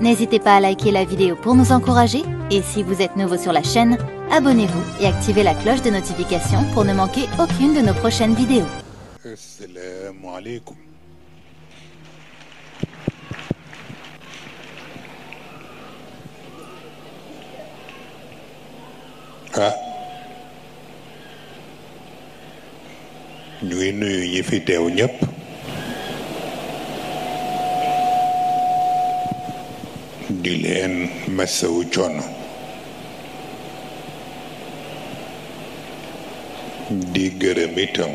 N'hésitez pas à liker la vidéo pour nous encourager et si vous êtes nouveau sur la chaîne, abonnez-vous et activez la cloche de notification pour ne manquer aucune de nos prochaines vidéos. di leen masawu coono di gërëm itam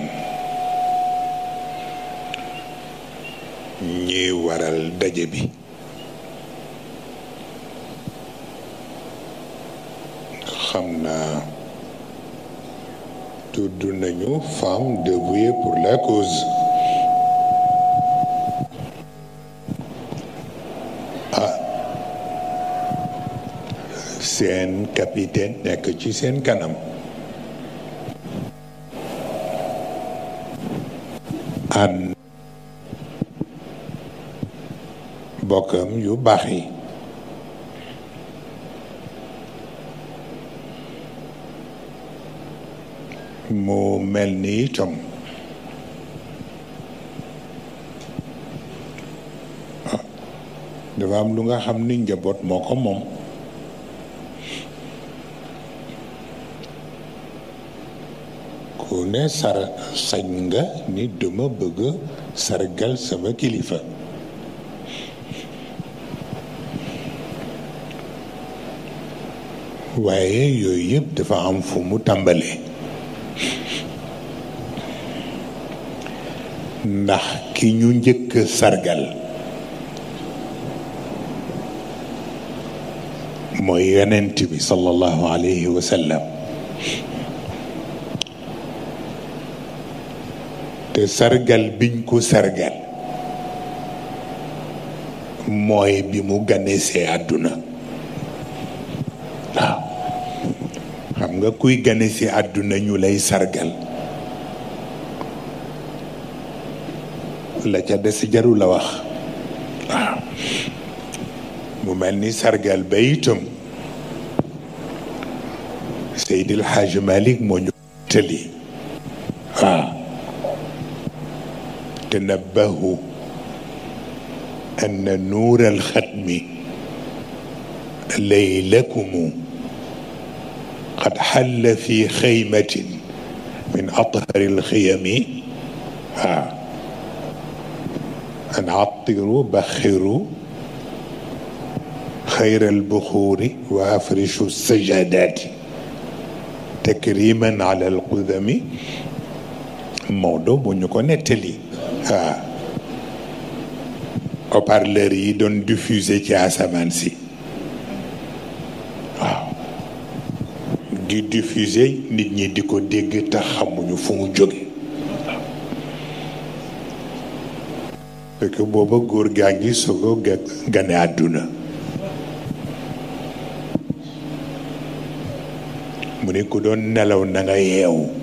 ñi waral daje bi xam na tudd nañu femme dévouée pour la cause zijn kapitein da ka ci sen kanam an bokkam yu baax yi mu mel ni itam dafa am lu nga xam ni njaboot moo ko moom ne sar sañ nga ni duma bëgg sargal sama kilifa waaye yooyu yëpp dafa am fu mu tàmbali ndax ki ñu njëkk sargal mooy yonent bi sallallahu alayhi wa te sargal biñ ko sargal mooy bi mu ganesee àdduna xam nga kuy gane ganesee àdduna ñu lay sargal la ca des jaru la wax waaw mu mel ni sargal ba itam Seydil Hadj Malick moo ñu tëli تنبهوا أن النور الختم ليلكم قد حل في خيمة من أطهر الخيم ها أن عطروا بخروا خير البخور وأفرشوا السجادات تكريما على القدم موضوع بنيكو نتلي haut-parleur yi doon diffuser ci asamaan si waaw di diffuser nit ñi di ko dégg te xamuñu fu mu jóge fekk booba góor gaa ngi soog a gane àdduna mu ne ku doon nelaw na nga yeewu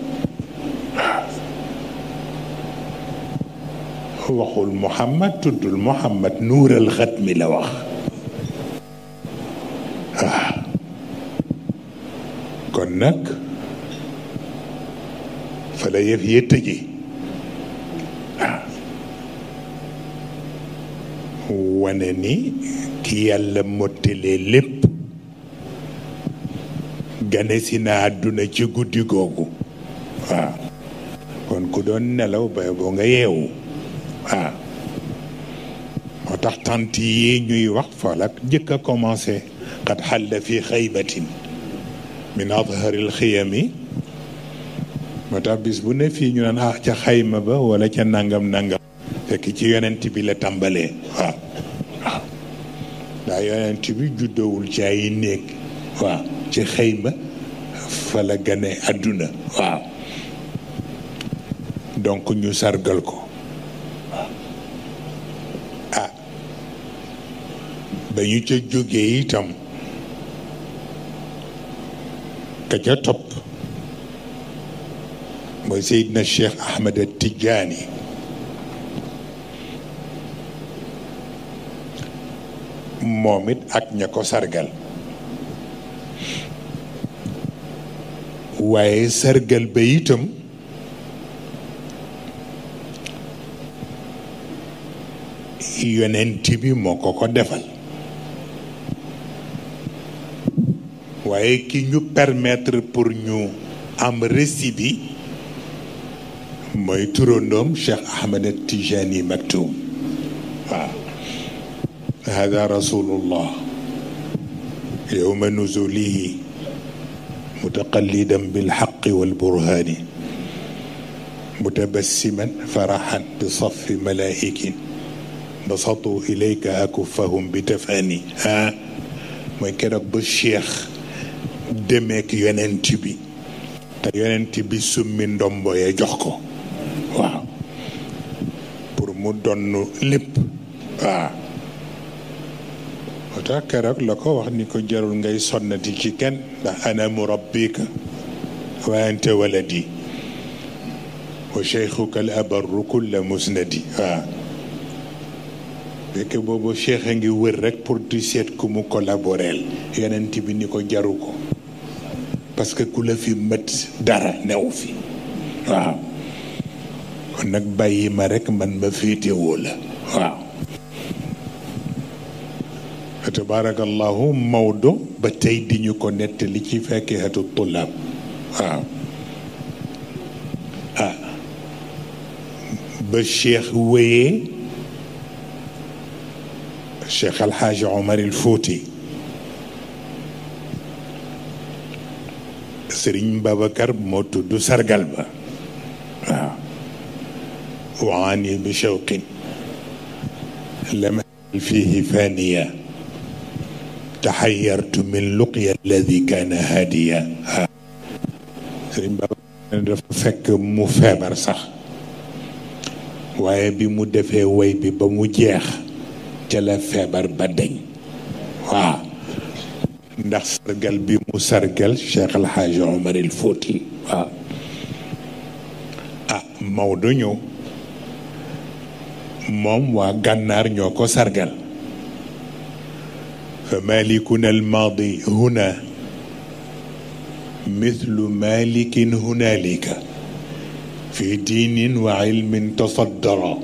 waxul Muhammad tuddul Muhammad nuural xat mi la wax waaw ah. kon nag fa la yëf yee tëje ah. wane ni ki yàlla mottalee lépp gane si na àdduna ci guddi googu waaw ah. kon ku doon nelaw bay boo nga yeewu ah moo tax tant yi ñuy wax falak njëkk a commencé xat xalla fi xaybatin min adharil xiyami moo tax bis bu ne fii ñu naan ah ca xayma ba wala ca nangam nangam fekk ci yonent bi la tàmbalee waaw waaw ndax yonent bi juddowul ci ay néeg waaw ci xayma fa la gane àdduna waaw donc ñu sargal ko ba ñu ca jógee itam ka ca topp mooy Seydina Cheikh Ahmed Tidiane moom it ak ña ko sargal waaye sargal ba itam yonent bi moo ko ko defal waaye ki ñu permettre pour ñu am récit bi mooy turandoom Cheikh Ahmed Tijani Maktoum waaw hada rasulullah yowma nuzulihi mutaqallidan bilxaqi walburhani mutabassiman faraxan bisafi malaikin basatu ilayka akufahum bitafani ha mooy keroog ba cheikh demeek yonent bi te yonent bi summi ndombo yee jox ko waaw pour mu donn lépp waaw moo keroog la ko wax ni ko jarul ngay sonnati ci kenn ndax ana di wa anta waladi wa cheikhuka al abarru kulla musnadi waaw fekk boobu cheikh a ngi wër rek pour di seet ku mu collaboreel yonent bi ni ko jaru ko parce que ku fi mët dara new fi waaw kon nag bàyyi ma rek man ma féetewoo la waaw fa tabarakallahu Maodo ba tey di ñu ko li ci fekke fakihatu tulab waaw ah ba cheikh wéyee cheikh alxaaji omar il fouti سرين بابكر موت دو سرقلبا وعاني بشوق لما فيه فانية تحيرت من لقيا الذي كان هاديا سرين بابا فك مفابر صح وي بي مدفع وي بي بمجيخ جلا فابر بدين واه ndax sargal bi mu sargal cheikh alhaj omar el fouti wa ah mawdo ñew mom فمالكنا الماضي هنا مثل مالك هنالك في دين وعلم تصدر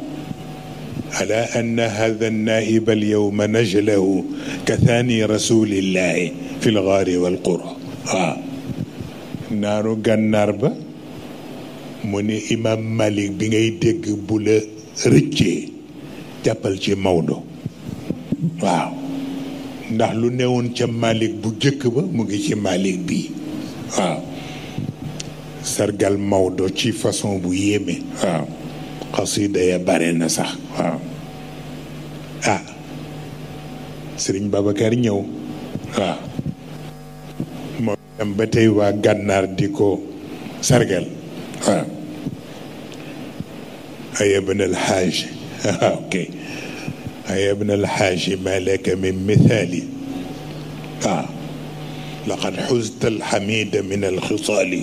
ألا أن هذا النائب اليوم نجله كثاني رسول الله fil ghaari wal naaru gànnaar ba mu ne imam malik bi ngay dégg bu la rëccee jàppal ci Maodo waaw ndax lu newoon ca malik bu jëkk ba mu ngi ci malik bi waaw sargal Maodo ci façon bu yéeme waaw xasida ya bare na sax waaw ah sëriñ Babacar ñëw waaw dem ba tey waa gànnaar di ko sargal waaw ay ibn alxaaj ok ay ibn alxaaj ma laka min mithaali waaw laqad xusta alxamida min alxisaali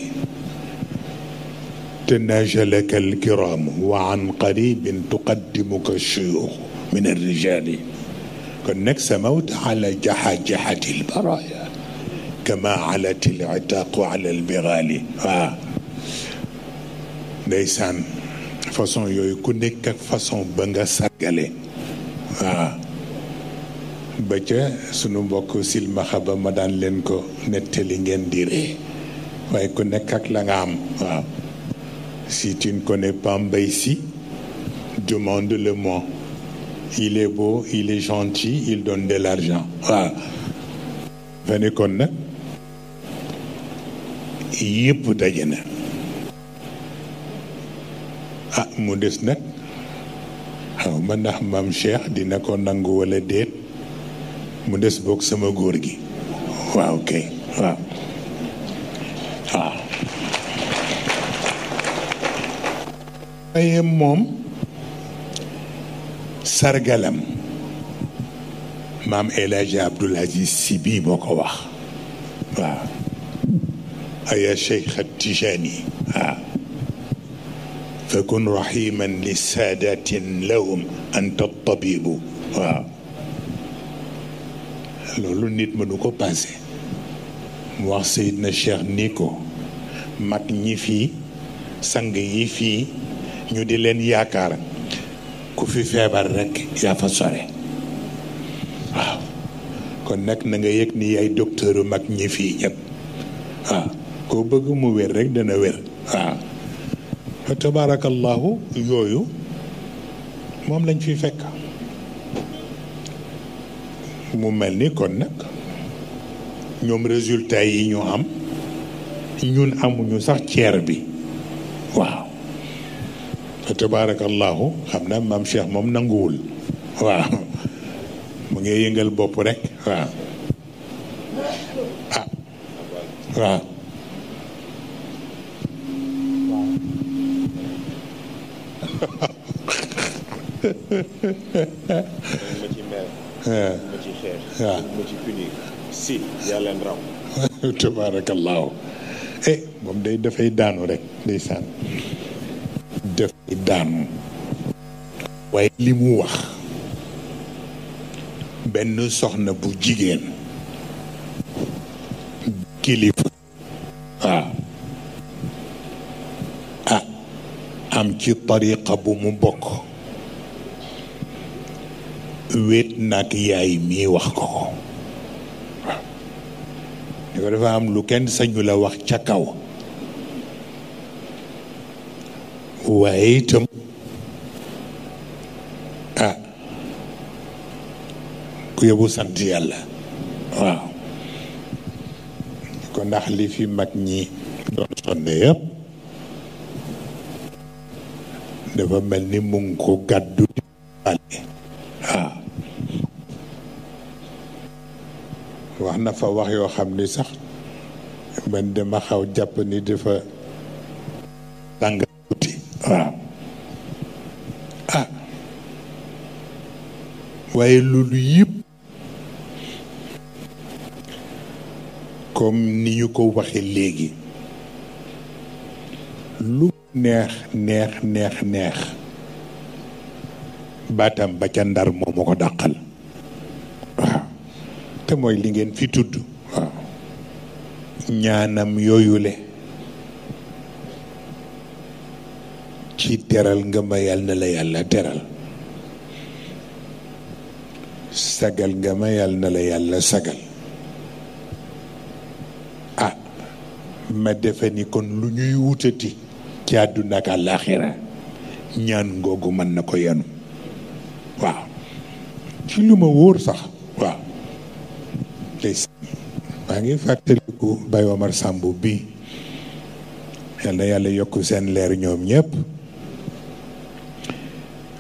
تناجلك الكرام وعن قريب تقدمك الشيوخ من الرجال كنك سموت على جحجحة البرايا kama alatil itaqu ala al biraali waaw ndeysaan façon yooyu ku nekk ak façon ba nga sargale waaw ba ca sunu mbokk silmaxa ma ko ngeen ak la nga am si tu ne connais pas Mbaye Sy demande-le moi il est beau il est gentil il donne de l'argent waaw fa yëpp daje na ah mu des nag xaw ma ndax maam Cheikh dina ko nangu wala déet mu des boog sama góor gi waaw kay waaw ah. waaw moom sargalam maam El Hadji Abdoul Aziz Sy bii moo ko wax waaw أي شيخ التجاني آه. فكن رحيما لسادات لهم أنت الطبيب لولو آه. نيت منوكو بازي موخ سيدنا الشيخ نيكو ماك نيفي سانغ يفي ني دي لين ياكار كو في فيبر رك يا فا سوري آه. كون نك نغا يك ني اي دكتور ماك نيفي ياب ko bëgg mu wér rek dana wér waaw tabarakallahu tabaarakallahu yooyu moom lañ fiy fekk mu mel ni kon nag ñoom résultat yi ñu am ñun amuñu sax ceer bi waaw fa tabaarakallahu xam na maam Cheikh moom nanguwul waaw mu ngi yëngal bopp rek waaw ah waaw ma ci mer. ma ci moom day dafay daanu rek ndeysaan dafay daanu. waaye li mu wax benn soxna bu jigéen kilifa waaw ah. ah, am ci tariqa bu mu bokk wéet nag yaay mii wax ko ko ni ko dafa am lu kenn sañu wax ca kaw waaye itam ah ku yóbbu sant yàlla waaw ko ndax li fi mag ñi doon sonne yëpp dafa mel ni mu ngi ko gàddu di waaw wax na fa wax yoo xam ni sax man dama xaw jàpp ni dafa tàng tuuti waaw ah waaye loolu yëpp comme ni ñu ko waxe léegi lu neex neex neex neex baatam ba ca ndar moomu ko dàqal mooy li ngeen fi tudd waaw ñaanam yooyule ci teral nga ma yàlla na la yàlla teral sagal nga ma yàlla na la yàlla sagal ah ma defe ni kon lu ñuy wutati ci àdduna ak àllaaxira ñaan googu mën na ko yenu waaw ci lu ma wóor sax ngi fàttaliku Baye Omar Samb bi yal na yàlla yokk seen leer ñoom ñëpp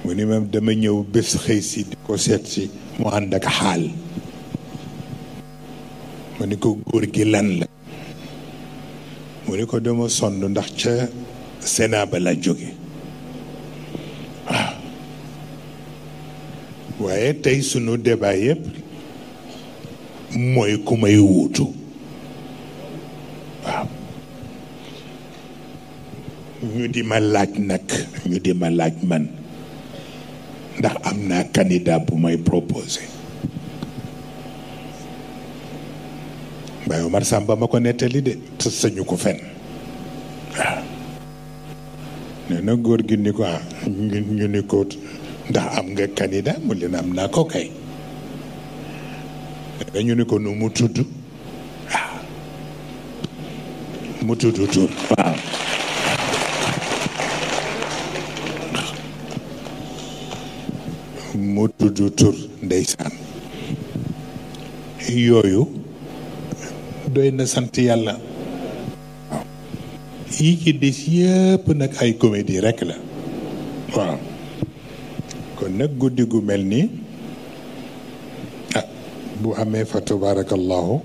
mu ni ma dama ñëw bés xëy si di ko seet si mu ànd ak xaal mu ni ko góor gi lan la mu ni ko dama sonn ndax ca Sénat ba la jóge waaw ah. waaye tey sunu débat yëpp mooy ku may wuutu waaw ñu di ma laaj nag ñu di ma laaj man ndax am na candidat bu may proposé Baye Omar Samba ma ko nettali de te sañu ko fen waaw nee na góor gi ni ko ah, ñu ni ko ndax am nga candidat mu leen am naa ko kay ñu ni ko nu mututu tudd waaw mu tudd tur waaw mu tur ndeysaan yooyu doy na sant yàlla yi ci des yëpp nag ay comédie rekk la waaw kon nag guddi gu mel nii bu amee fa tabaarakallaahu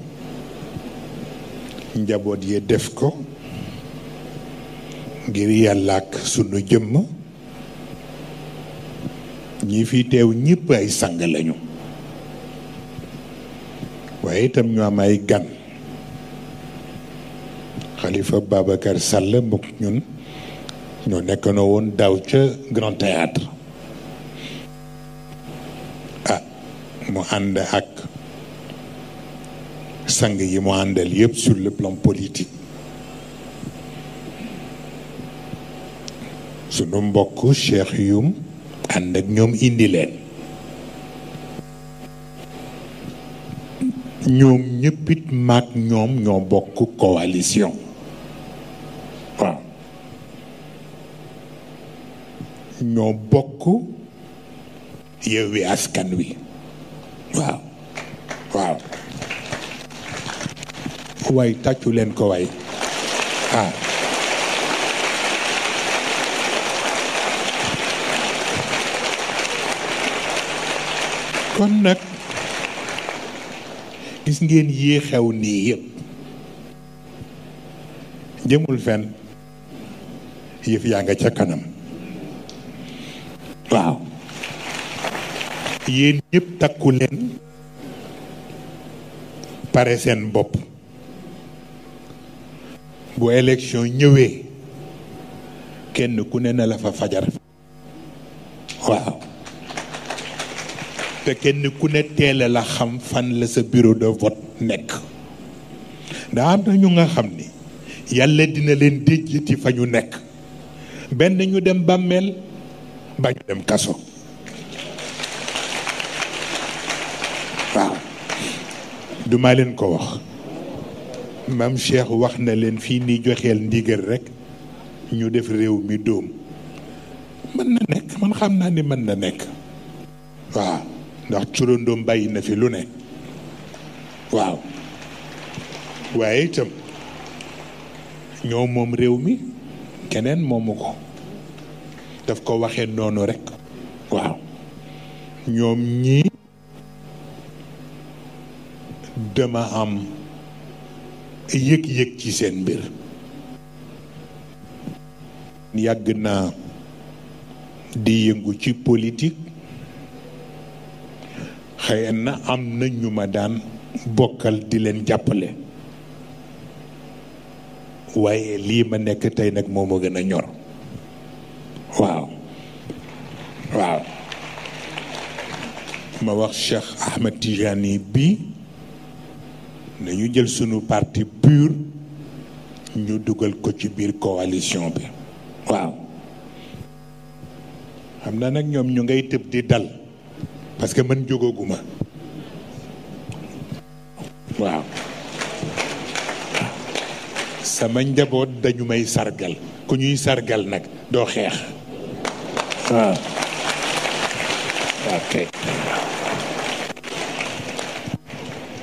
njaboot yi def ko ngir yàlla ak sunu jëmm ñi fi teew ñépp ay sang lañu waaye itam ñu am ay gan xalifa Babacar Sall mook ñun ñoo nekk na woon daaw ca Grand Théâtre ah mu ànd ak sang yi sur le plan politique Ce beaucoup, cher yum and ak indilen. indi leen mak nyom nyom ñoom coalition waaw ñoo bokk Yewwi Askan Wi waaw waay tàccu leen ko waay ah kon nag gis ngeen yii xew nii yëpp jëmul fenn yëf yaa nga ca kanam waaw yéen ñëpp takku leen pare seen bopp bu élection ñëwee kenn ku ne na la fa fajar waaw te kenn ku ne teel la xam fan la sa bureau de vote nekk ndax am na ñu nga xam ni yàlla dina leen déjjati fa ñu nekk benn ñu dem bàmmeel ba ñu dem kaso waaw duma leen ko wax maam Cheikh wax na leen fii ni joxeel ndigal rek ñu def réew mi dóom mën na nekk man xam naa ni mën na nekk waaw ndax turandoom bàyyi na fi lu ne waaw waaye itam ñoo moom réew mi keneen moomu ko daf ko waxee noonu rek waaw ñoom ñii dama am yëg-yëg ci seen mbir yàgg naa di yëngu ci politik xëy na am na ñu ma daan bokkal di leen jàppale waaye lii ma nekk tey nag moo ma gën a ñor waaw waaw ma wax Cheikh Ahmed Tijani bi nañu jël sunu parti pur ñu dugal ko ci biir coalition bi waaw xam na nag ñoom ñu ngay tëb di dal parce que man jógaguma waaw sama njaboot dañu may sargal ku ñuy sargal nag doo xeex waaw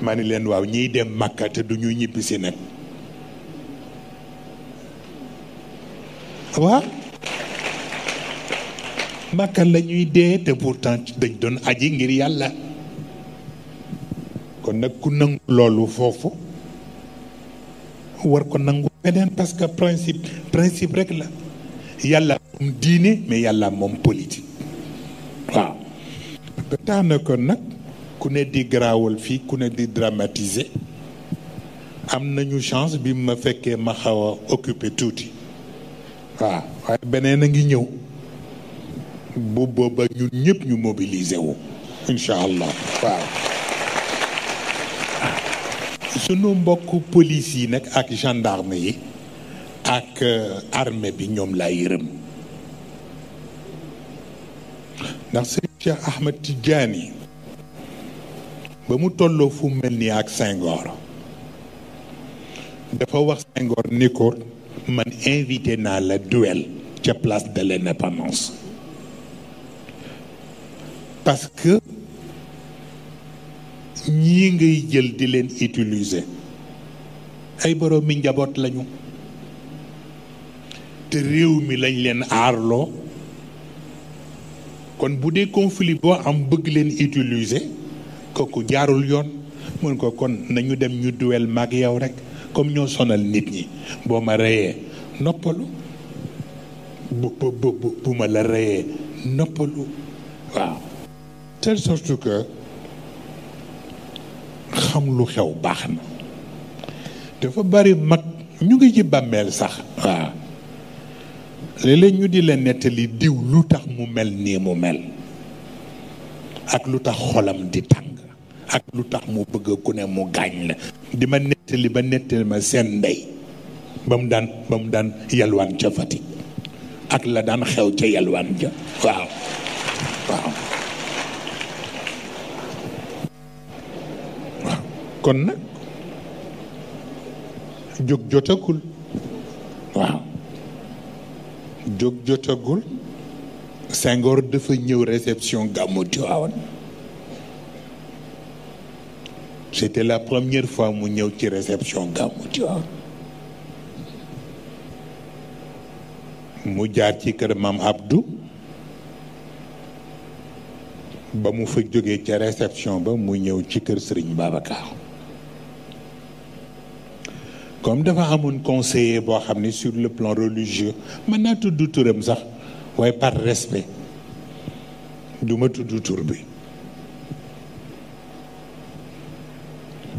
ma ni leen waaw ñiy dem Makka te du ñu ñibbi si nag waaw Makka la dee te pourtant dañ doon aji ngir yàlla kon nag ku nangu loolu foofu war ko nangu beneen parce que principe principe rek la yàlla moom diine mais yàlla moom politique waaw tax na kon nag ku ne di garaawal fii ku ne di dramatiser am nañu chance bi ma fekkee ma xaw a occupé tuuti waaw waaye beneen a ngi ñëw bu booba ñun ñëpp ñu mobiliser wu incha allah waaw sunu mbokk police yi nag ak gendarme yi ak euh, armée bi ñoom laa yërëm ndax sëñ Cheikh Ahmed Tidiane ba mu tolloo fu mel nii ak Senghor dafa wax Senghor ni ko man invité naa la duel ca place de l'indépendance parce que ñii ngay jël di leen utiliser ay borom mi njaboot lañu te réew mi lañ leen aarloo kon bu dee conflit boo am bëgg leen utiliser kooku jaarul yoon mën ne ko kon nañu dem ñu duwel mag yow rek comme ñoo sonal nit ñi boo ma reyee noppalu bu bu bu ma la reyee noppalu waaw telle sorte que xam lu xew baax na dafa bari mag ñu ngi ci bàmmeel sax waaw léeg ñu di la nettali diw lu tax mu mel nii mu mel ak lu tax xolam di tàng ak lu tax mu bëgg ku ne mu gañ la di ma nettali ba sendai. ma seen ndey bam dan bam dan yalwan daan Wow. ca Fatick ak la dan xew ca yalwan ja waaw waaw kon nak jog jotagul waaw jog jotagul dafa reception gamu c'était la première fois mu ñëw ci réception gàmmu Tiwaawan mu jaar ci kër maam Abdou ba mu fa jógee ci réception ba mu ñëw ci kër Serigne Babacar comme dafa amoon conseiller boo xam ne sur le plan religieux mën naa tudd turam sax waaye par respect du ma tudd tur bi.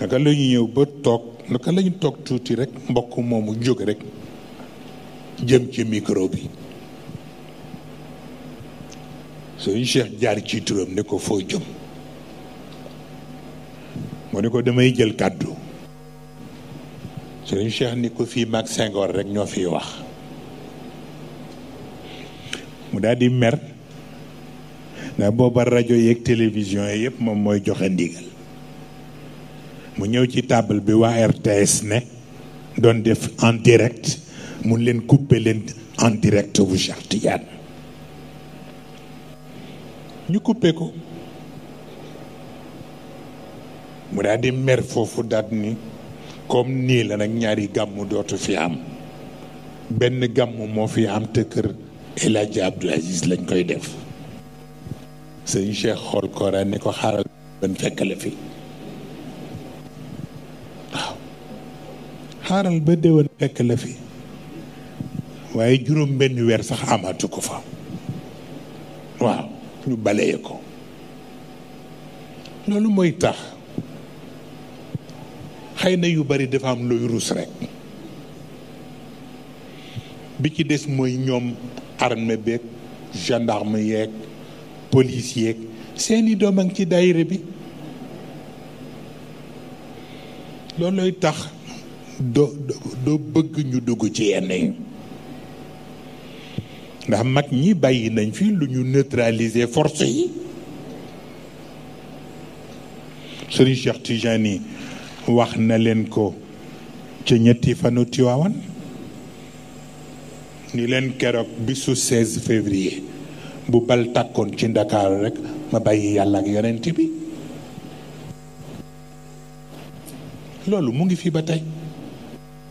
naka la ñëw ba toog naka la toog tuuti rek mbokk moomu jóge rek jëm ci micro bi sëñ Cheikh jaar ci turam ne ko foo jëm moo ne ko damay jël kàddu sëñ Cheikh ni ko fii mag Senghor rek ñoo fiy wax mu daldi di mer ndax booba rajo yeeg télévision yëpp moom mooy joxe ndigal mu ñëw ci taabal bi waa RTS ne doon def en direct mun leen couper leen en direct bu Cheikh Tidiane ñu couper ko mu daal di mer foofu daat ni comme nii la nag ñaari gàmmu dootu fi am benn gàmmu moo fi am te kër El Hadji Abdou lañ koy def sëñ Cheikh xool koora ni ko xaaral ban fekk la fi xaaral ba déwén fekk la fi waaye juróom benn weer sax amatu ko fa waaw ñu baleye ko loolu mooy tax xëy na yu bari dafa am luy rus rek bi ci des mooy ñoom armée beeg gendarme yeeg police yeeg seeni doom a ci dayre bi loolooy tax doo doo bëgg ñu dugg ci yenn yi ndax mag ñi bàyyi nañ fi luñu ñu neutraliser force yi Serigne Cheikh Tijani wax na leen ko ci ñetti fanu Tiwaawan ni leen keroog bisu 16 février bu bal takkoon ci Ndakaaru rekk ma bàyyi yàlla ak yonent bi loolu mu ngi fi ba tey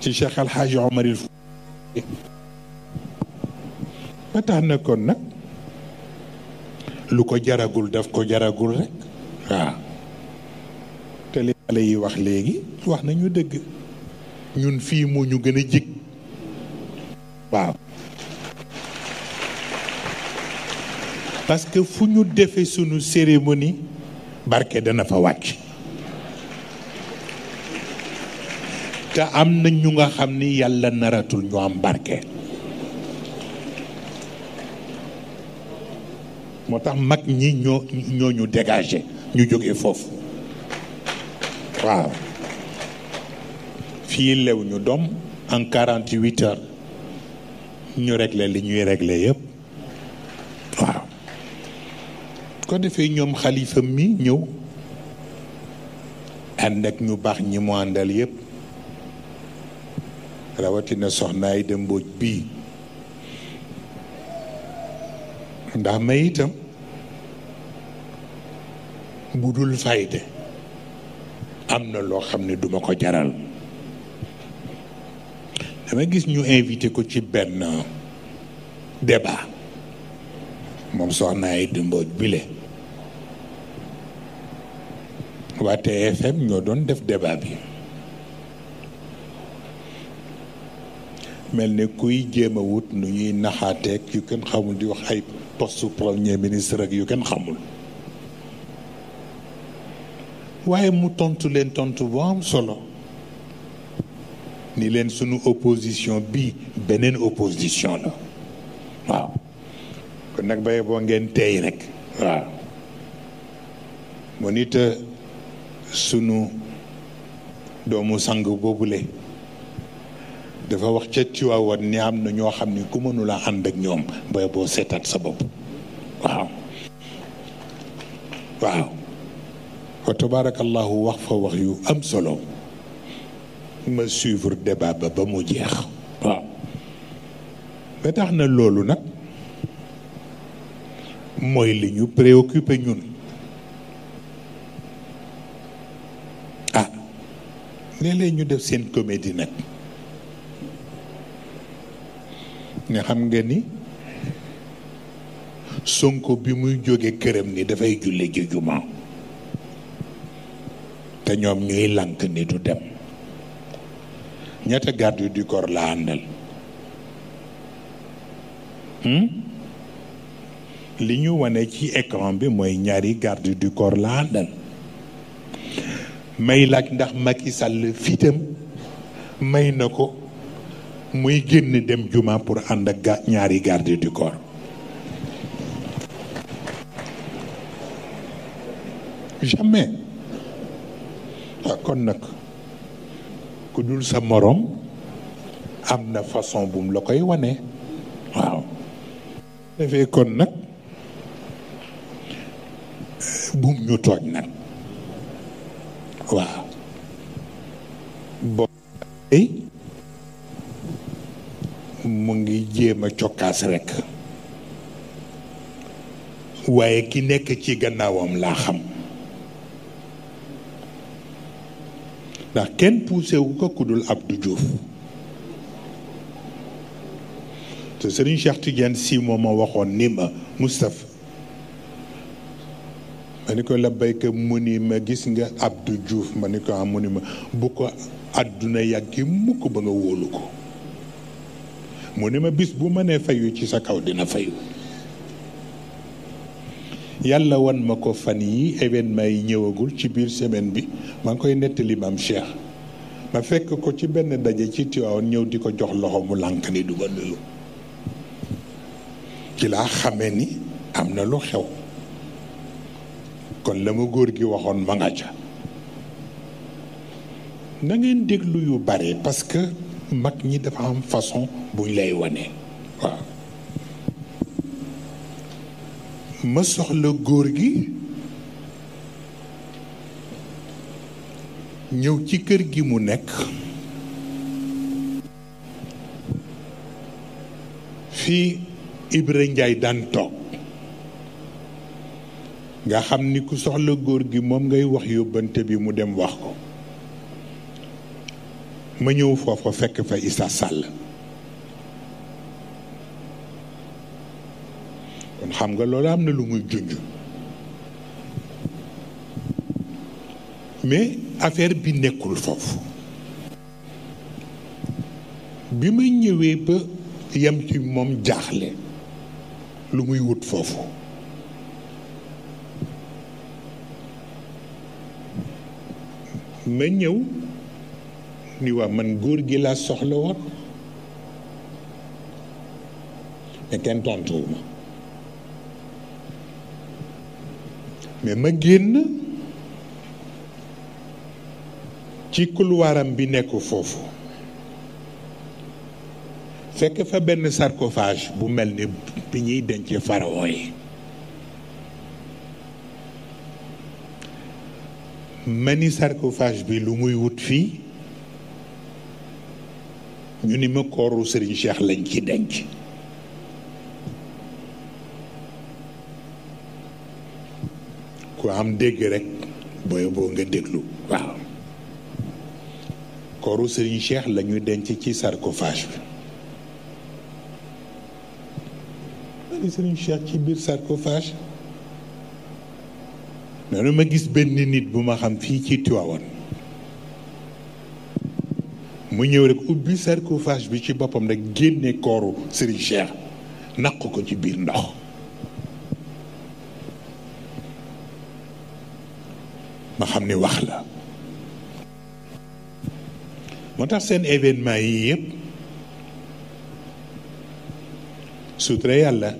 ci Cheikh El Hadj Omar il Fouti ba tax na kon nak lu ko jaragul daf ko jaragul rek wa te li xale yi wax legi wax nañu deug ñun fi mo ñu gëna jik wa parce que fu ñu defee sunu cérémonie barke dana fa wàcc que am na ñu nga xam ni yàlla naratul ñu am barke moo tax mag ñi ñoo ñoo ñu dégagé ñu jógee foofu waaw fii lew ñu dom en 48 huit heures ñu réglé li ñuy réglé yëpp waaw ko defee ñoom xalifa mi ñëw ànd ak ñu baax ñi mu àndal yëpp rawatina soxna ay dem mbooj ndax may itam bu dul fayde am na loo xam ne duma ko jaral dama gis ñu invité ko ci benn débat moom soxna ay dëmbooj mbooj bile waa TFM ñoo doon def débat bi mel ne kuy jéem a wut nu ñuy naxaateeg yu kenn xamul di wax ay poste premier ministre ak yu kenn xamul waaye mu tontu leen tontu bu am solo ni leen sunu opposition bi beneen opposition la waaw kon nag baye boo ngeen teey rek waaw mu nit sunu doomu sang boobule dafa wax ca Tiwaawan ni am na ñoo xam ne ku mënula ànd ak ñoom ba boo seetaat sa bopp waaw waaw wa tabaarakallahu wax fa wax yu am solo ma suivre débat ba ba mu jeex waaw ba tax na loolu nag mooy li ñu préoccupé ñun ah léeg ñu def seen comédie nag ne xam nga ni Sonko bi muy jóge këram ni dafay julle ji te ñoom ñuy lank ni du dem ñett garde du corps la àndal hmm? li ñu wane ci écran bi mooy ñaari garde du corps la àndal may laaj ndax Macky Sall fitam may na ko muy génn dem juma pour ànd ak ñaari garde du corps jamais waaw ah, kon nag ku dul sa morom am na façon bu la koy wane waaw defee kon nag bum ñu tooñ nag waaw eh? mu ngi jéem a cokkaas rekk waaye ki nekk ci gannaawam laa xam ndax kenn poussé wu ko ku dul Abdou te Serigne Cheikh Tidiane Sy moo ma waxoon ni ma Moustapha ma ni ko la béykat mu ni ma gis nga Abdou Diouf ma ni ko am ah, mu ni ma bu ko àdduna yàggi mukk ba nga wóolu ko mu ne ma bis bu mënee fayu ci sa kaw dina fayu yàlla wan ma ko fan yi événement yi ñëwagul ci biir semaine bi maa ngi koy nettali maam Cheikh ma fekk ko ci benn daje ci Tiwaawan ñëw di ko jox loxo mu lànk ni du ma nuyu ci laa xamee ni am na lu xew kon la ma góor gi waxoon ma nga déglu yu bare parce mag ñi dafa am façon buñ lay wane waaw ma soxla góor gi ñëw ci kër gi mu nekk fii ibre Njaay daan toog nga xam ni ku soxla góor gi moom ngay wax yóbbante bi mu dem wax ko ma ñëw foofa fekk fa Issa Sall kon xam nga loolu am na lu muy junj mais affaire bi nekkul foofu bi ma ñëwee ba yem ci moom jaaxle lu muy wut foofu ma ñëw ni waa man góor gi laa soxla woon mais kenn tontuwu mais ma génn ci couloiram bi nekk foofu fekk fa benn sarcophage bu mel ni bi ñuy denc pharaon yi mani sarcophage bi lu muy wut fii ñu ni ma kooru Serigne Cheikh lañ ci denc ku am dégg rek booy boo nga déglu waaw kooru Serigne Cheikh la denc ci sarcophage bi mani Serigne Cheikh ci biir sarcophage noonu ma gis benn nit bu ma xam fii ci Tiwaawan mu ñëw rek ubbi sarcophage bi ci boppam rek génne kooru Serigne Cheikh naq ko ci biir ndox ma xam ni wax la moo tax seen événement yi yëpp sutura yàlla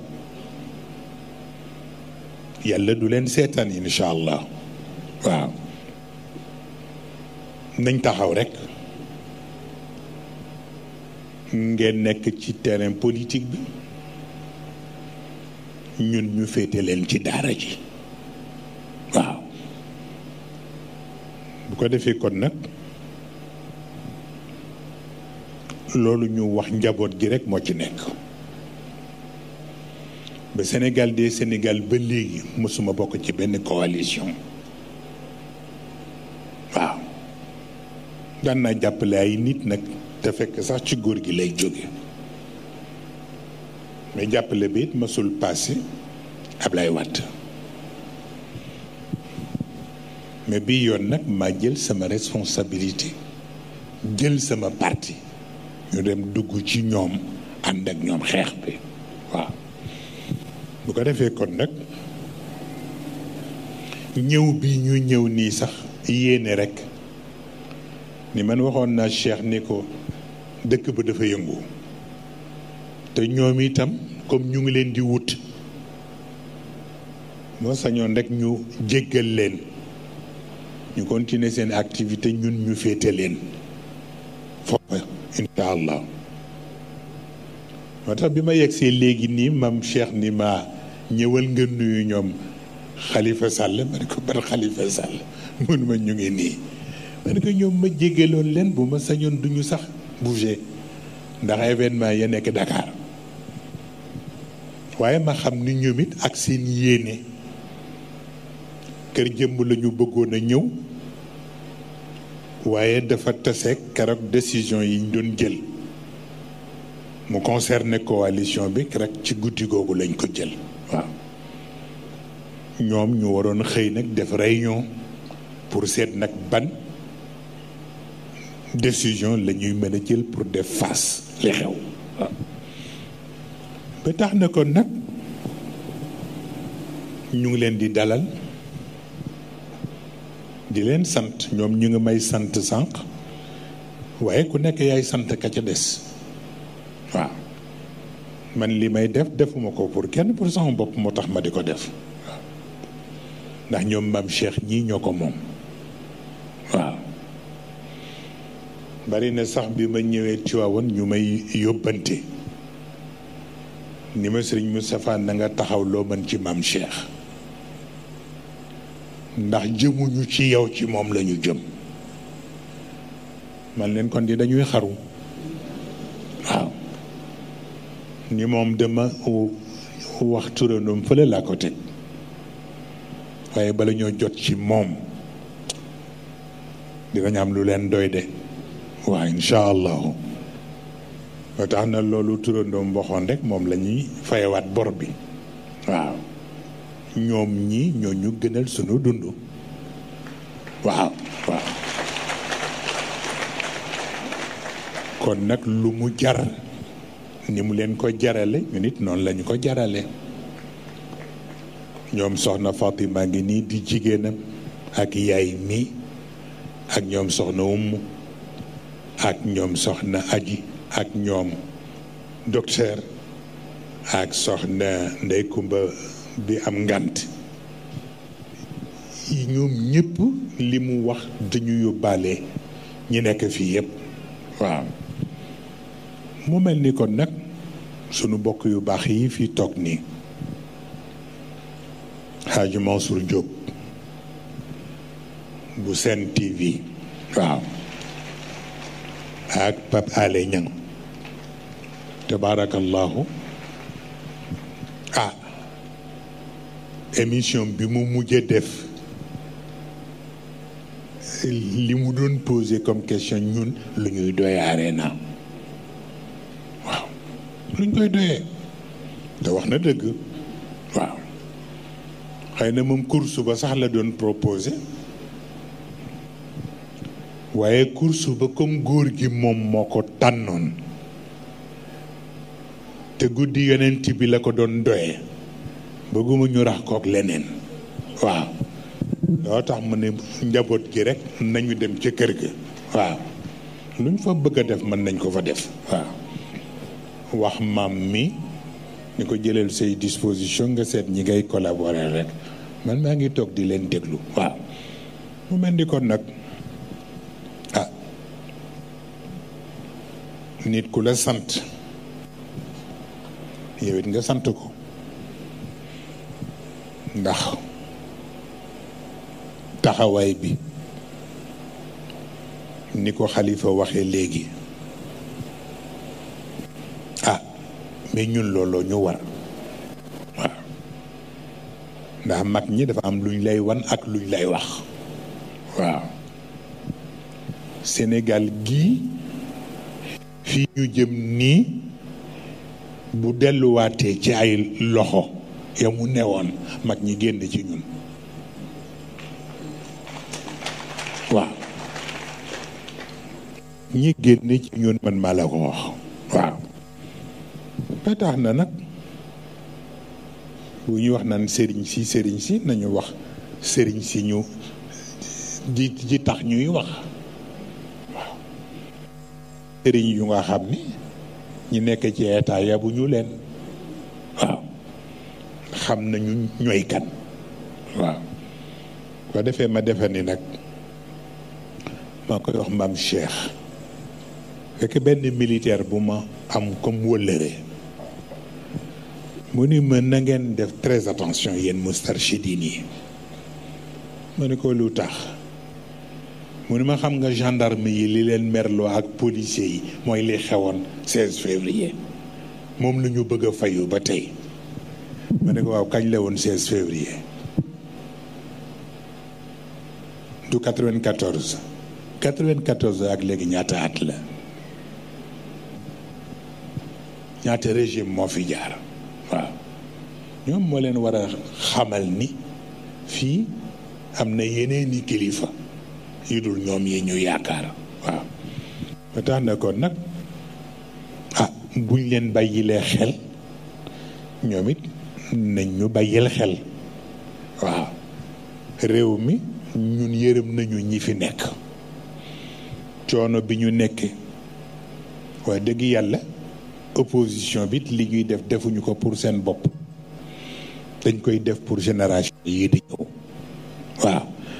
yàlla du leen seetaan incha allah waaw nañ taxaw rek ngeen nekk ci terrain politique bi ñun ñu féete leen ci daara ji waaw bu ko defee kon nag loolu ñu wax njaboot gi rekk moo ci nekk ba Sénégal de Sénégal ba léegi mësuma bokk ci benn coalition waaw daan naa jàppale ay nit nag te fekk sax ci lay mais jàppale bi passé mais je yoon nag jël responsabilité jël sama parti ñu dem dugg ci ñoom ànd ak ñoom xeex bi waaw bu ko kon bi ñu ni man ni dëkk ba dafa yëngu te ñoom itam comme ñu ngi leen di wut moo sañoon rek ñu jéggal leen ñu continuer seen activité ñun ñu féete leen foofa incha allah moo tax bi ma yegsee léegi nii mam Cheikh ni ma ñëwal nga nuyu ñoom Khalifa Sall ma ne ko ban Khalifa Sall mënuma ñu ngi nii ma ne ko ñoom ma jéggaloon leen bu ma sañoon duñu sax bougé ndax yi ya nekk Dakar waaye ma xam ni ñoom it ak seen yéene kër jëmb lañu ñu bëggoon a ñëw waaye dafa tase keroog décision yiñ doon jël mu concerné coalition bi rek ci guddi googu lañ ko jël waaw ñoom ñu waroon xëy nag def réunion pour seet nag ban décision lañuy ñuy mën a jël pour def fas li xew ba tax na kon nag ñu ngi leen di dalal di leen sant ñoom ñu ngi may sant sànq waaye ku nekk yaay sant ka ca des waaw man li may def defuma ko pour kenn pour sama bopp moo tax ma di ko def ndax ñoom maam Cheikh ñi ñoo ko moom waaw bari na sax bi ma ñëwee Tiwaawan ñu may yóbbante ni ma sëriñ Moustapha na nga taxaw loo mën ci maam Cheikh ndax jëmuñu ci yow ci moom lañu jëm man leen kon di dañuy xaru waaw ni moom dama wax turandoom fële laa ko teg waaye bala ñoo jot ci moom dinañ am lu leen doy de waa incha allahu ba tax na loolu turandoom waxoon rek moom la ñuy fayewaat bor bi waaw ñoom ñi ñoo ñu gënal sunu dund waaw waaw kon nag lu mu jar ni mu leen ko jarale noonu lañu ko jarale ñoom soxna Fatima ngi nii di jigéenam ak yaay mi ak ñoom soxna Umu ak ñoom soxna aji ak ñoom docteur ak soxna ndey kumba bi am ngant ñoom ñëpp li mu wax dañu yóbbaale ñi nekk fi yëpp waaw mu mel kon nag sunu bokk yu baax yi fi toog ni Hadj Mansour Diop bu Sen TV waaw ak Pape Alé Niang tabaarakallaahu ah émission bi mu mujjee def li mu doon poser comme question ñun lu ñuy doyee arena waaw lu koy doyee te wax na dëgg waaw xëy na moom course ba sax la doon propose waaye course ba comme góor gi moom moo ko tànnoon te guddi yonent bi la ko doon doyee bëgguma ñu rax kook leneen waaw loo tax mu ne njaboot gi rek nañu dem ca kër gi waaw lu ñu fa bëgg a def mën nañ ko fa def waaw wax maam mi ni ko jëlal say disposition nga seet ñi ngay collaborer rek man maa ngi toog di leen déglu waaw mu mel ni kon nag nit ku la sant yow it nga sant ko ndax taxawaay bi ni ko xalifa waxee léegi ah mais ñun looloo ñu war waaw ndax mag ñi dafa am luñ lay wan ak luñ lay wax waaw Sénégal gii fii ñu jëm nii bu delluwaatee ci ay loxo ya mu newoon mag ñi génn ci ñun waaw ñi génn ci ñun man maa la ko wax waaw ba tax na nag bu ñu wax naan sëriñ si sëriñ si nañu wax sëriñ si ñu di di tax ñuy wax sëriñ yu nga xam ni ñi nekk ci état yabu ñu leen waaw xam nañu ñooy kan waaw ko defee ma defe ni nag maa koy wax maam Cheikh fekk benn militaire bu ma am comme wëllëre mu ni ma na ngeen def très attention yéen moustarchidine yi ma ne ko lu tax mu ne ma xam nga gendarme yi li leen merlo ak policier yi mooy li xewoon 16 février moom la ñu bëgg a fayu ba tey ma ne ko waaw kañ la woon 16 février du 94 94 ak léegi ñaata at la ñaata régime moo fi jaar waaw ñoom moo leen war a xamal ni fii am na yeneeni kilifa Il ñoom yi ñu yaakaar waaw ba kon ah buñ leen bàyyilee xel ñoom it nañ xel waaw réew ñun yërëm nañu ñi fi nekk coono bi ñu nekkee a opposition vite, li ñuy def defuñu ko pour seen bopp dañ koy def pour génération di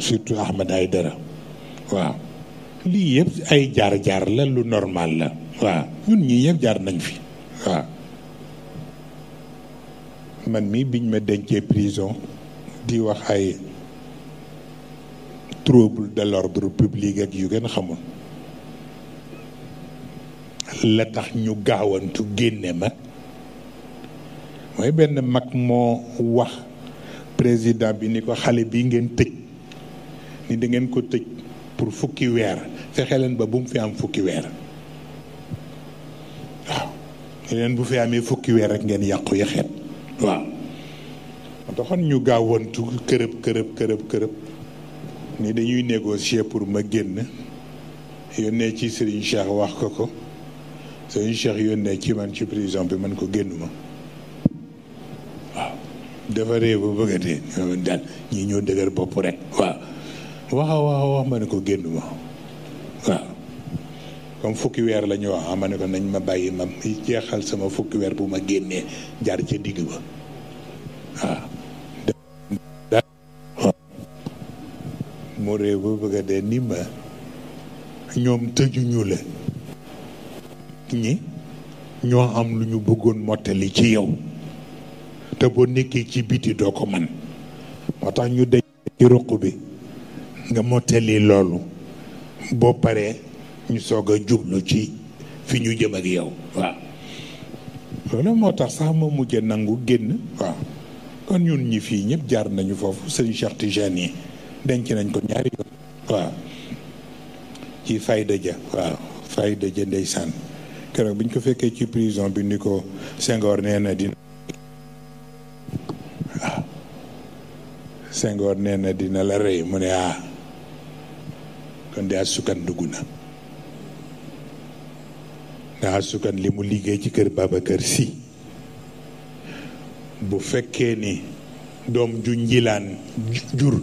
surtout Ahmed Aïdara waaw lii yëpp ay jaar-jaar la lu normal la waaw ñun ñii yëpp jaar nañ fi waaw man mii biñ ma dencee prison di wax ay trouble de l'ordre public ak yu gën xamul la tax ñu gaawantu génne ma mooy benn mag moo wax président bi ni ko xale bi ngeen tëj ni da ngeen ko tëj pour fukki weer fexe leen ba bu mu fi am fukki weer waaw ne bu fi amee fukki weer rek ngeen yàqu yaxeet waaw taxoon ñu gaawantu kërëb kërëb kërëb kërëb ni dañuy négocier pour ma génn yónnee ci Serigne Cheikh wax ko ko Serigne Cheikh yónnee ci man ci prison bi man ko génnuma waaw dafa ba bëgga dee daal ñi ñoo dëgër bopp rek waaw wax a wax a wax ma ne ko génn ma waaw comme fukki weer la ñu wax ah, ma ne ko nañ ma bàyyi ma jeexal sama fukki weer bu ma génnee jar ca digg ba waaw mu réew bu bëgga dee ni ma ñoom tëjuñu la ñi ñoo am lu ñu bëggoon mottali ci yow te boo nekkee ci biti doo ko man moo tax ñu dej ci ruq bi nga mottali loolu boo paree ñu soog a jublu ci fi ñu jëm ak yow waaw loolu moo tax sax ma mujj nangu génn waaw kon ñun ñi fii ñëpp jaar nañu foofu sëñ Cheikh Tijaan yi denc nañ ko ñaari yoon waaw ci fayda ja waaw fayda ja ndeysaan keroog bi ñu ko fekkee ci prison bi ni ko Senghor nee na dina waaw Senghor la rey mu ne ah kan di asukan duguna na asukan limu mu ciker ci kër Babacar si bu fekkee ni dom ju njilaan jur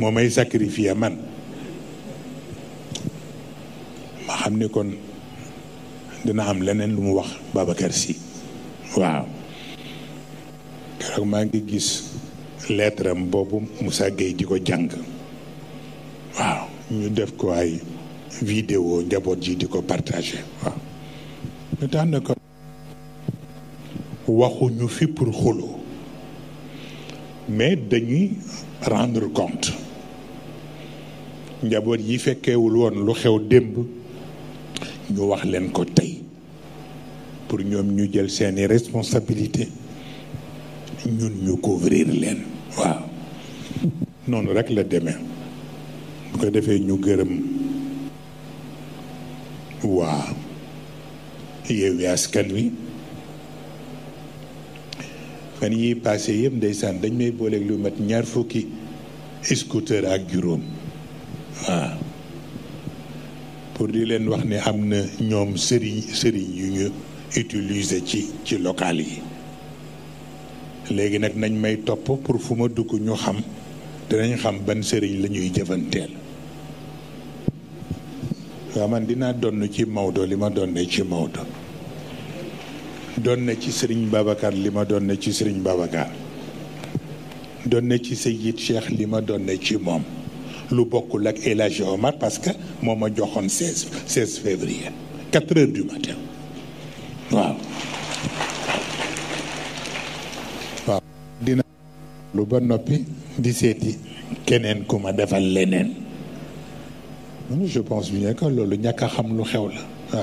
momay sacrifice man ma kon dina am leneen lu mu wax Babacar si waaw keroog ngi gis lettre am bobu musa gay diko ko waaw ñu def ko ay vidéo njaboot ji di ko partagé waaw lu tax na ko waxuñu fi pour xuloo mais dañuy rendre compte njaboot yi fekkeewul woon lu xew démb ñu wax leen ko tey pour ñoom ñu jël seeni responsabilité ñun ñu couvrir leen waaw noonu rek la demee bu ko defee ñu gërëm waa Yewwi Askan Wi fan yi passé yëpp ndeysaan dañ may booleeg lu mat ñaar fukki scooter ak juróom waaw pour di leen wax ni am na ñoom sëriñ sëriñ yu ñu utilise ci ci local yi léegi nag nañ may topp pour fu ma dugg ñu xam dinañ xam ban sëriñ la ñuy jëfanteel man dinaa ci mawdo li ma donne ci mawdo donne ci Serigne Babacar ma donne ci Serigne Babacar donne ci Seyid Cheikh li ma donne ci moom lu bokkul ak Omar parce que 16 16 février 4 heures du matin waaw. waaw dina lu ba noppi di seeti je pense bien que loolu ñaka xam lu xew la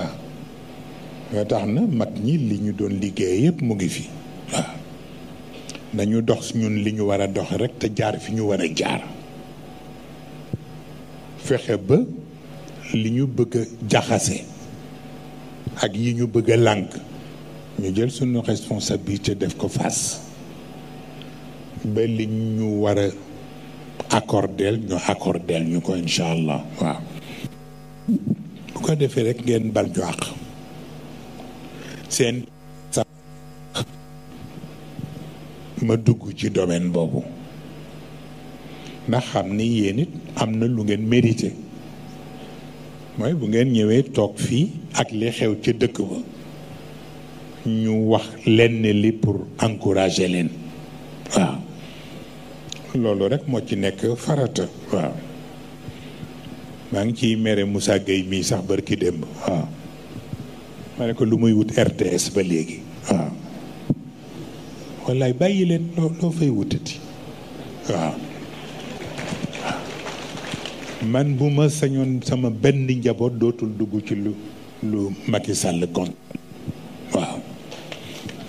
waaw tax na mat ñi li ñu doon liggéey yëpp mu ngi fi wa nañu dox ñun li ñu war a dox rek te jaar fi ñu war a jaar fexe ba li ñu bëgg a jaxase ak yi ñu bëgg a lànk ñu jël suñu responsabilité def ko face ba li ñu war a accordeel ñu accordeel ñu ko incha allah waaw bu ko defee rek ngeen bal ñu seen sax ma dugg ci domaine boobu ndax xam ni yéen it am na lu ngeen mérité mooy bu ngeen ñëwee toog fii ak li xew ca dëkk ba ñu wax lenn li pour encourager leen waaw loolu rek moo ci nekk farata waaw maa ngi ciy mere Moussa Gueye mii sax barki démb waaw ma ko lu muy wut RTS ba léegi waaw wallaay bàyyi leen loo fay wutati waaw man bu ma sañoon sama benn njaboot dootul dugg ci lu lu Macky Sall kon waaw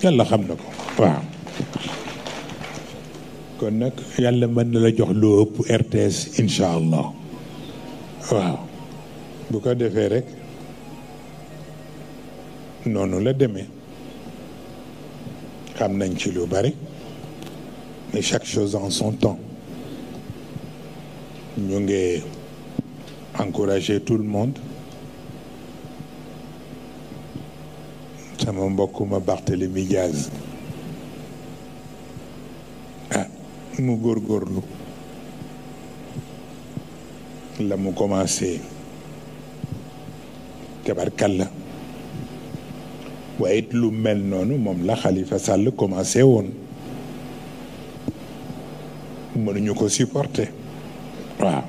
yàlla xam na ko waaw kon nag yàlla mën na la jox lu ëpp RTS incha allah waaw beaucoup de defee rek noonu la demee xam nañ ci lu bari mais chaque chose en son temps ñu ngi encourager tout le monde sama m'a Barthélémy Diaz ah mu góorgóorlu لما كوماسي تبركلا وايت لو مل نونو موم لا خليفه سال كوماسي وون مانو نيوكو سيبورتي وا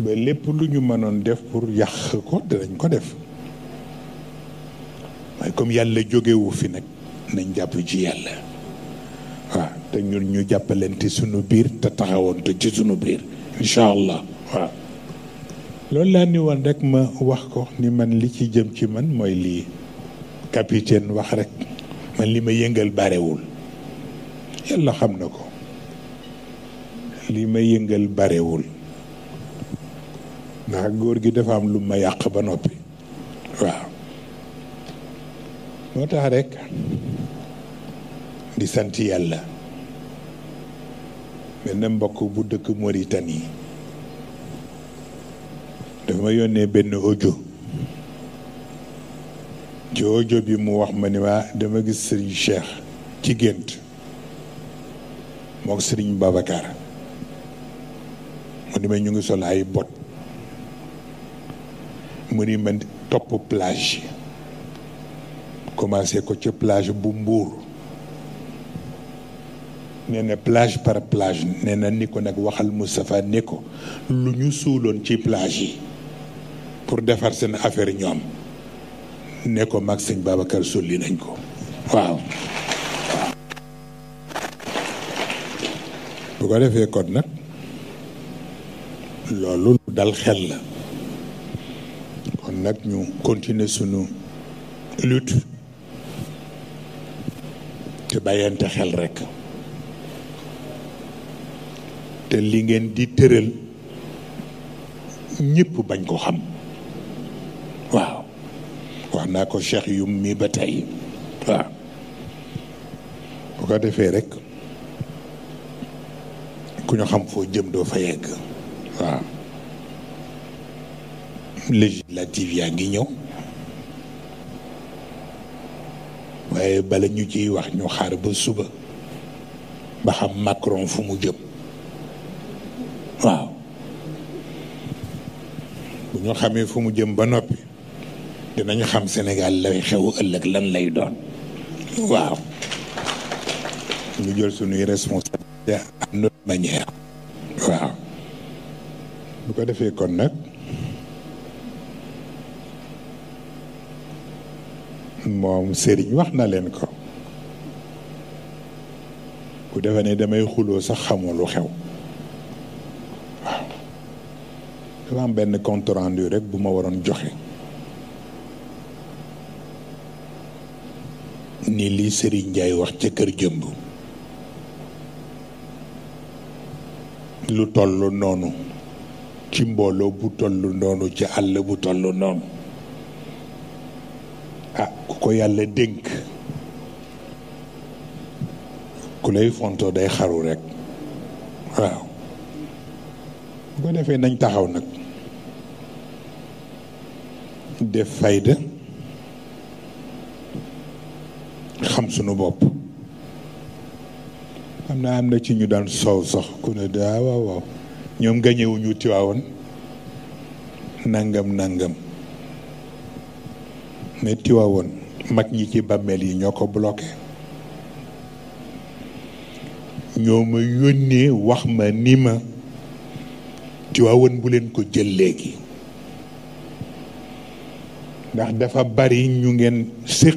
با ليپ لو نيو مانون ديف بور ياخ كو دنج كو ديف ماي كوم يالا جوغي وو في نك نان جابو جي يالا وا تا نيو نيو جابالنتي سونو بير تا تاخاوون تو جي سونو بير ان شاء الله waaw loolu laa ni woon rek ma wax ko ni man li ci jëm ci man mooy lii capitaine wax rek man li ma yëngal barewul yàlla xam na ko li ma yëngal barewul ndax góor gi dafa am lu ma yàq ba noppi waaw moo tax rekk di sant yàlla benn mbokk bu dëkk Mauritanie dafa ma yónnee benn audio ci audio bi mu wax ma ni ma dama gis sëriñ Cheikh ci gént mook sëriñ Babacar mu ni ñu ngi sol ay bot mu ni ma topp plage yi commencé ko ci plage bu Mbuur nee na plage par plage nee na ni ko nag waxal Moustapha ne ko lu ñu suuloon ci plage yi pour defar seen affaire ñoom ne ko mag sëñ Babacar solli nañ ko waaw bu ko defee kon nag loolu dal xel la kon nag ñu continuer sunu lutte te bàyyante xel rekk te li ngeen di tëral ñépp bañ ko xam wax naa ko cheikh yum mi ba tey waaw bu ko defee rek ku ñu xam foo jëm doo fa yegg waaw législative yaa ngi ñëw waaye bala ñu ciy wax ñu xaar ba suba ba xam Macron fu mu jëm waaw bu ñu xamee fu mu jëm ba noppi dinañu xam Sénégal lay xew ëllëg lan lay doon waaw ñu jël suñuy responsabilité à notre manière waaw bu ko defee kon nag moom sëriñ wax na leen ko bu defee ne damay xuloo sax xamoo lu xew waaw dama am benn compte rendu rek bu ma waroon joxe nii li Serigne Ndiaye wax ca kër jëmb lu toll noonu ci mbooloo bu toll noonu ci àll bu toll noonu ah ku ko yàlla dénk ku lay fontoo day xaru rekk waaw bu ko defee nañ taxaw nag def fayda suñu bopp xam naa am na ci ñu daan soow sox ku ne daa ah, waaw waaw ñoom gañewuñu tiwaawoon nangam nangam mais tiwaawoon mag ñi ci bàmmeel yi ñoo ko bloqué ñoo ma yónnee wax ma ni ma tiwaawoon bu leen ko jël léegi ndax dafa bari ñu ngeen séq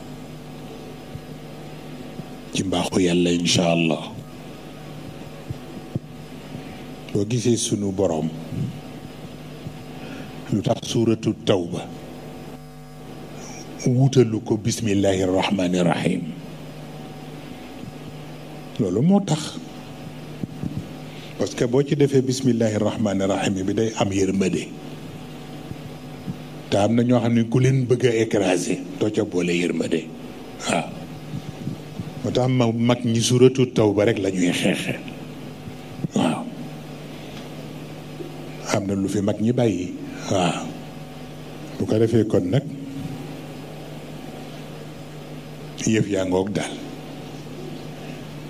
ci mbaaxu yàlla incha allah boo gisee sunu boroom lu tax suuratu tawba wutalu ko bismillahi rahmani rahim loolu moo tax parce que boo ci defee bismillahi rahmani rahim bi day am yërmande te am na ñoo xam ne ku leen bëgg écraser doo ca boole yërmande waaw moo tax ma mag ñi suratu tawba rek la ñuy xeexee waaw am na lu fi mag ñi bàyyi waaw bu ko defee kon nag yëf yaa ngoog daal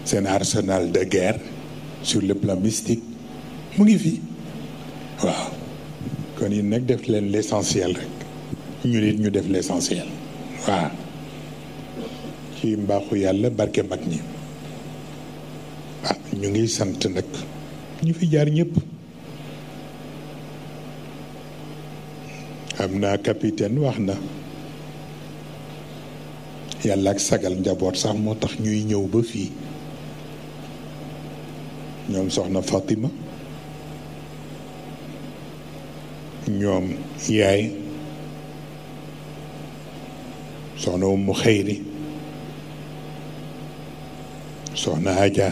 seen arsenal de guerre sur le plan mystique mu ngi fi waaw kon yi nag def leen l'essentiel rek ñu nit ñu def l'essentiel waaw ci mbaaxu yàlla barke mag ñi ah, ñu ngi sant nag ñu fi jaar ñépp am naa capitaine wax na yàlla ak sagal njaboot sax moo tax ñuy ñëw ba fii ñoom soxna Fatima ñoom yaay soxna Umu Xayri soxna Adja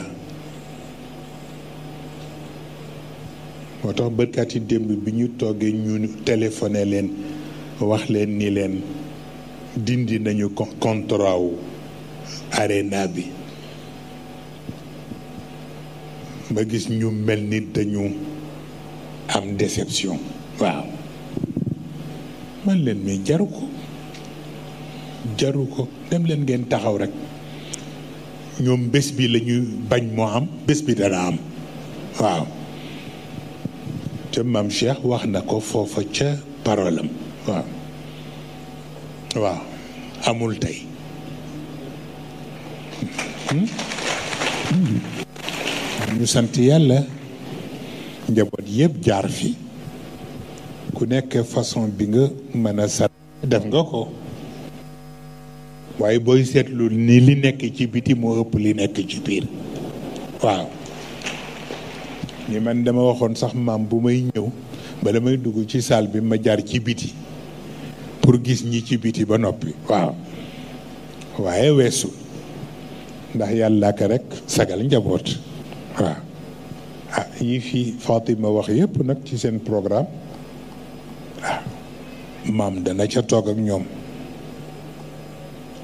moo tax bërkaati démb bi ñu toogee ñu téléphoné leen wax leen ni leen dindi nañu contrat wu arena bi ba gis ñu mel ni dañu am déception waaw man leen jaru ko jaru ko dem leen ngeen taxaw rek ñoom bés bi la bañ moo am bés bi dana am waaw te maam Cheikh wax na ko foofa ca parole am waaw amul tey hmm? Hmm. ñu sant yàlla njaboot yépp jaar fi ku nekk façon bi nga mëna a def nga ko waaye booy seetlu ni li nekk ci biti moo ëpp li nekk ci biir waaw ni man dama waxoon sax maam bu may ñëw ba damay dugg ci salle bi ma jaar ci biti pour gis ñi ci biti ba noppi waaw waaye weesu ndax yàlla ka rekk sagal njaboot waaw ah yi fi Fatima wax yépp nag ci seen programme ah, maam dana ca toog ak ñoom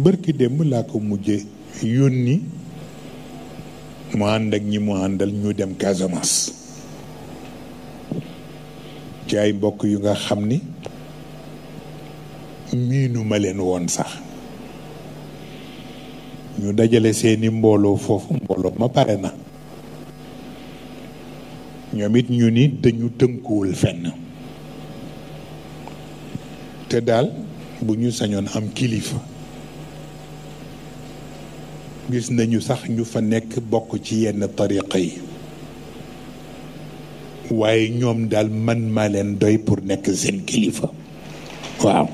barki dem la ko mujjé yoni mo and ak ñi mo andal ñu dem Casamance ci mbokk yu nga xamni ni miinu ma leen sax ñu dajalé seeni mbolo fofu mbolo ma paré na ñu ni dañu fenn te dal bu ñu am kilifa gis nañu sax ñu fa nekk bokk ci yenn tariqa yi waaye ñoom daal man maa leen doy pour nekk seen kilifa waaw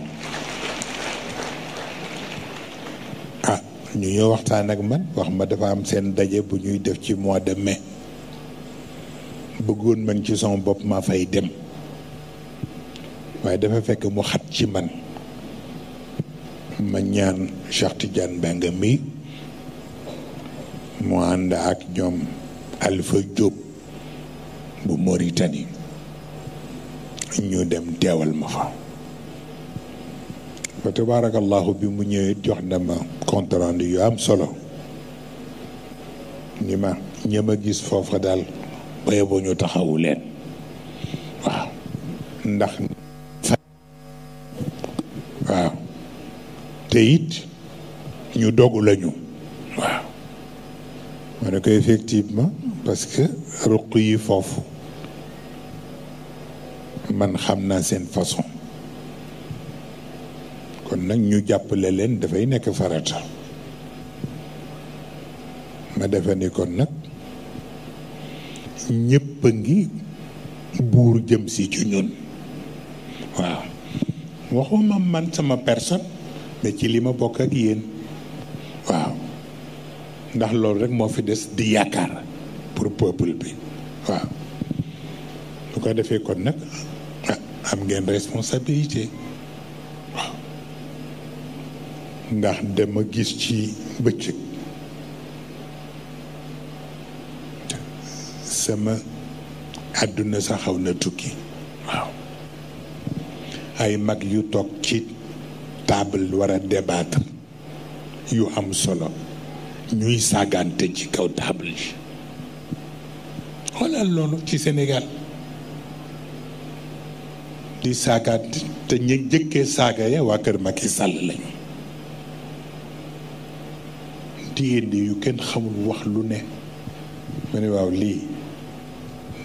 ah ñu ñëw waxtaan ak man wax ma dafa am seen daje bu ñuy def ci mois de mais bëggoon man ci sama bopp maa fay dem waaye dafa fekk mu xat ci man ma ñaan Cheikh Tidiane Mbengue mi mu ànd ak ñoom Alpha Diop bu Mauritanie ñu dem teewal ma fa fa tabaarakallahu bi mu ñëwee jox na ma compte yu am solo ni ma ña gis foofa daal baye boo ñu taxawu leen waaw ndax waaw te ñu dogu lañu ma ne effectivement parce que ruq fofu, man xamna sen façon kon nak ñu jàppale leen dafay nek farata ma defé ni kon nak ñepp ngi buur jëm ci ci ñun waaw waxuma man sama personne mais ci lima bok ak yeen. ndax loolu rek moo fi des di yaakaar pour peuple bi waaw lu ko defee kon nag ah, am ngeen responsabilité waaw ndax dama gis ci bëccëg sama àdduna sa xaw na tukki waaw ay mag yu toog ci table war a débattre yu am solo ñuy saagante ci kaw table yi xoolal loolu ci Sénégal di saagante te ñu jëkkee saaga ya waa kër Macky Sall lañu diggante yu kenn xamul wax lu ne ma lii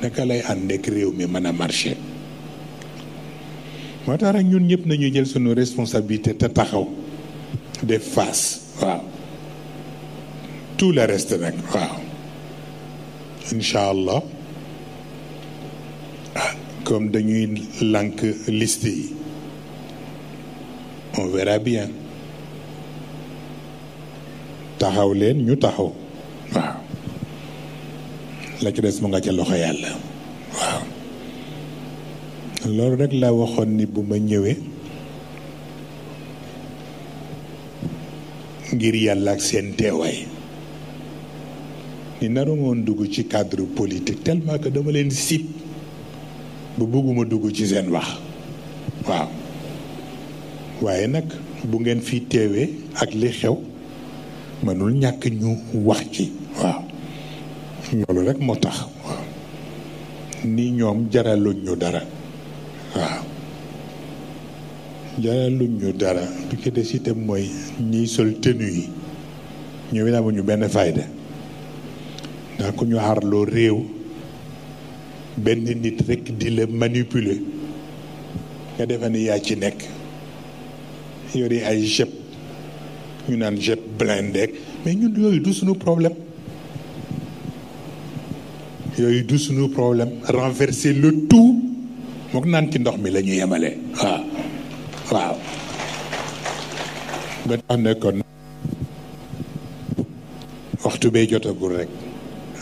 naka lay ànd ak réew mi mën a marché moo tax rek ñun ñëpp nañu jël sunu responsabilité te taxaw def face waaw tout le reste Waouh... Inch'Allah... Ah, comme dañuy Langue liste on verra bien taxaw leen ñu taxaw waaw la ci des mu nga loxo ni naru woon dugg ci cadre politique tellement que dama leen sip bu bëgguma dugg ci seen wax waaw waaye nag bu ngeen fii teewee ak li xew mënul ñàkk ñu wax ci waaw loolu rek moo tax waaw ni ñoom jaraluñ dara waaw jaraluñ ñu dara bi ko des itam mooy ñiy sol tenue yi ñoom it benn fayda da ko ñu xarloo réew benn nit rek di la manipuler nga defe ne yaa ci nekk yori ay jet ñu naan jet blindé mais ñun yooyu du suñu problème yooyu du suñu problème renverser le tout mook naan ci ndox mi la ñu yemale waaw waaw ba tax ne kon waxtu bee jotagul rek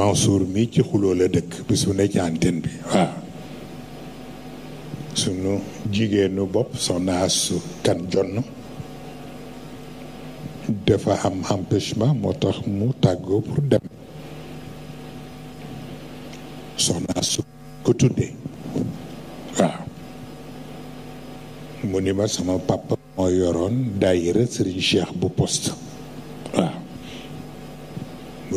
Mansour mi ci xuloo la dëkk bi su ne bi waaw sunu jigéenu bopp soxna su kan jonn dafa am empêchement moo tax mu tàggoo pour dem soxna su ko tuddee waaw mu ni ma sama papa moo yoroon daayira Serigne Cheikh bu poste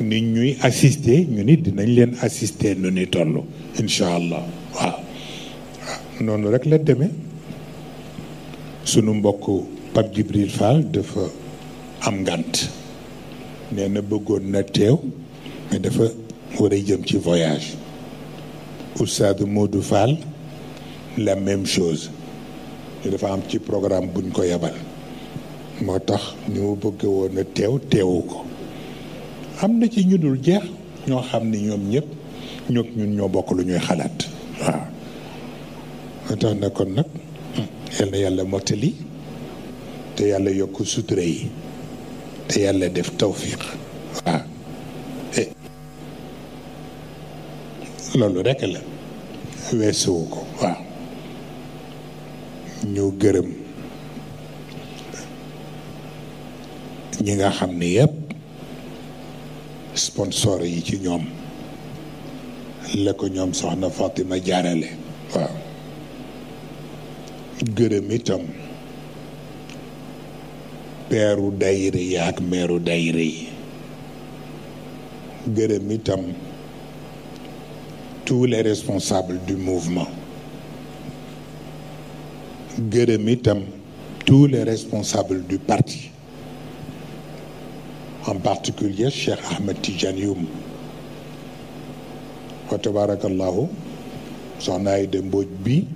ni ñuy assister ñu ni dinañ leen assister nu ni toll incha allah waaw noonu rek la demee sunu mbokk Pape Djibril Fall dafa am ngànt nee na bëggoon na teew mais dafa war a jëm ci voyage Oustaz Modou Fall la même chose dafa am ci programme buñ ko yebal moo tax ni mu bëgg woon a teew teewu ko am na ci ñu dul jeex ñoo xam ni ñoom ñëpp ñoog ñun ñoo bokk lu ñuy xalaat waaw moo tax na kon nag yal na yàlla mottali te yàlla yokk sutura yi te yàlla def tawfiq waaw eh, loolu rekk la weesuwu ko waaw ñu gërëm ñi nga xam ni yëpp sponsor yi ci ñoom la ko ñoom soxna Fatima jaarale waaw gërëm itam peeru dayre yi ak meeru dayre yi gërëm itam tous les responsables du mouvement gërëm itam tous les responsables du parti en particulier Cheikh Ahmed Tidiane Youm wa tabarakallahu soxna Aïda Mbodj bi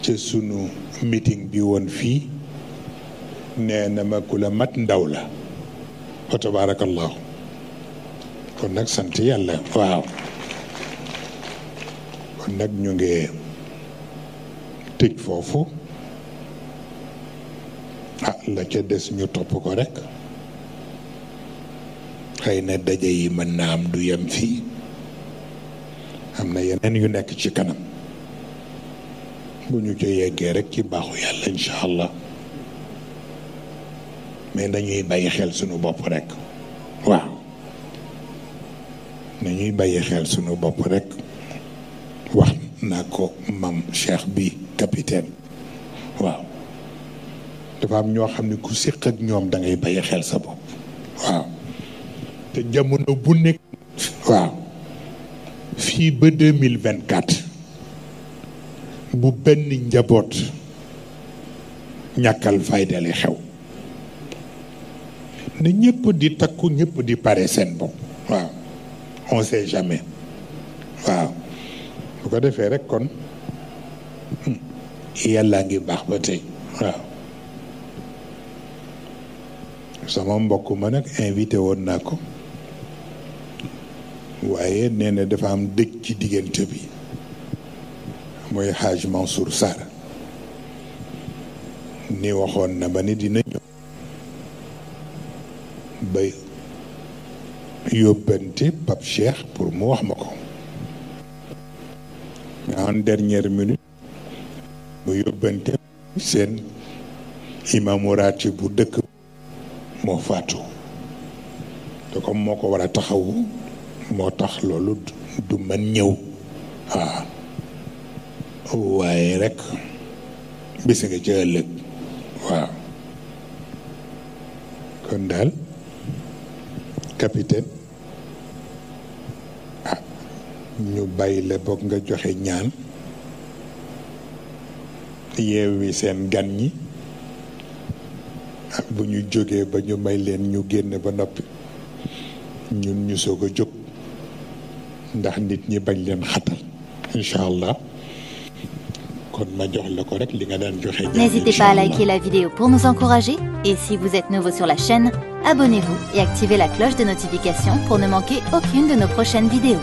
ca sunu meeting bi woon fii nee ma ku la mat ndaw la wa tabarakallahu kon nag sant yàlla waaw kon nag ñu ngi tëj foofu ah la ca des ñu topp ko rekk xeyna daje yi man na am du yam fi amna yenen yu nek ci kanam buñu ci yeggé rek ci baxu yàlla inshallah mais dañuy bàyyi xel sunu bop rek waaw dañuy bàyyi xel sunu bop rek wax naa ko mam cheikh bi capitaine waaw dafa am ño xamni ku séq ak ñom da ngay bàyyi xel sa bop waaw te jamono bu nekk waaw fii ba 2024 bu benn njaboot ñàkkal faydali xew na ñëpp di takku ñëpp di pare seen bopp waaw on sait jamais waaw bu ko defee rek kon hmm, yàlla ngi baax ba tey waaw sama mbokk ma nag invité woon naa ko waaye neena dafa am dëj ci diggante bi mooy xaaj Mansour Sarr ni waxoon na ba ni dina ñëw ba yóbbante Pape Cheikh pour mu wax ma ko en dernière minute mu yóbbante seen imaamu raatib bu dëkk moo faatu te comme moo ko war taxawu moo tax loolu du mën ñëw waaw ah. waaye rekk bis nga ci ëllëg waaw kon daal capitaine ah ñu bàyyi boog nga joxe ñaan wi seen gan ñi ak ah, bu ñu jógee ba ñu may leen ñu génn ba noppi ñun ñu soog a jóg N'hésitez pas à liker la vidéo pour nous encourager et si vous êtes nouveau sur la chaîne abonnez-vous et activez la cloche de notification pour ne manquer aucune de nos prochaines vidéos.